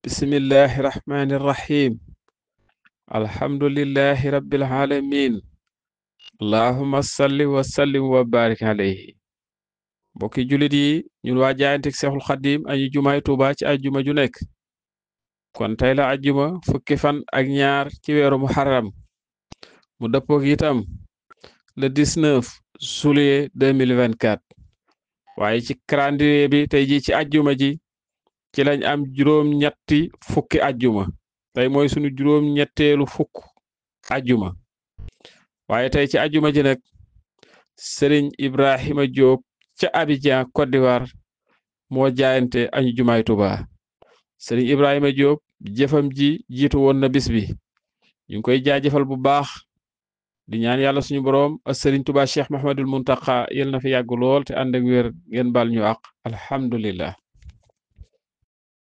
bismillahi rahmani irrahim alhamdulillahi rabbil alamin allahumma salli wa sallim alayhi mbokki julit yi ñun waa jaayantek seexul xadim añu jumaay tuuba ci ajjuma ju nekk kon tey la ajjuma fukki fan ak ñaar ci weeru muharram mu dëppook itam le 19 juillet 2024 waaye ci calendrier bi tey ji ci ajjuma ji ci lañ am juróom-ñetti fukki ajjuma tey mooy sunu juróom-ñetteelu fukk ajjuma waaye tey ci ajjuma ji nag sëriñ Ibrahima Diop ca Abidjan Côte moo jaayante añu jumaay Tuubaa sëriñ Ibrahima Diop jëfam ji jiitu woon na bis bi ñu ngi koy jaajëfal bu baax di ñaan yàlla suñu boroom ak sëriñ Tuubaa Cheikh Mahamadul Muntaqa yal na fi yàgg lool te ànd ak wér ngeen baal ñu àq alhamdulillah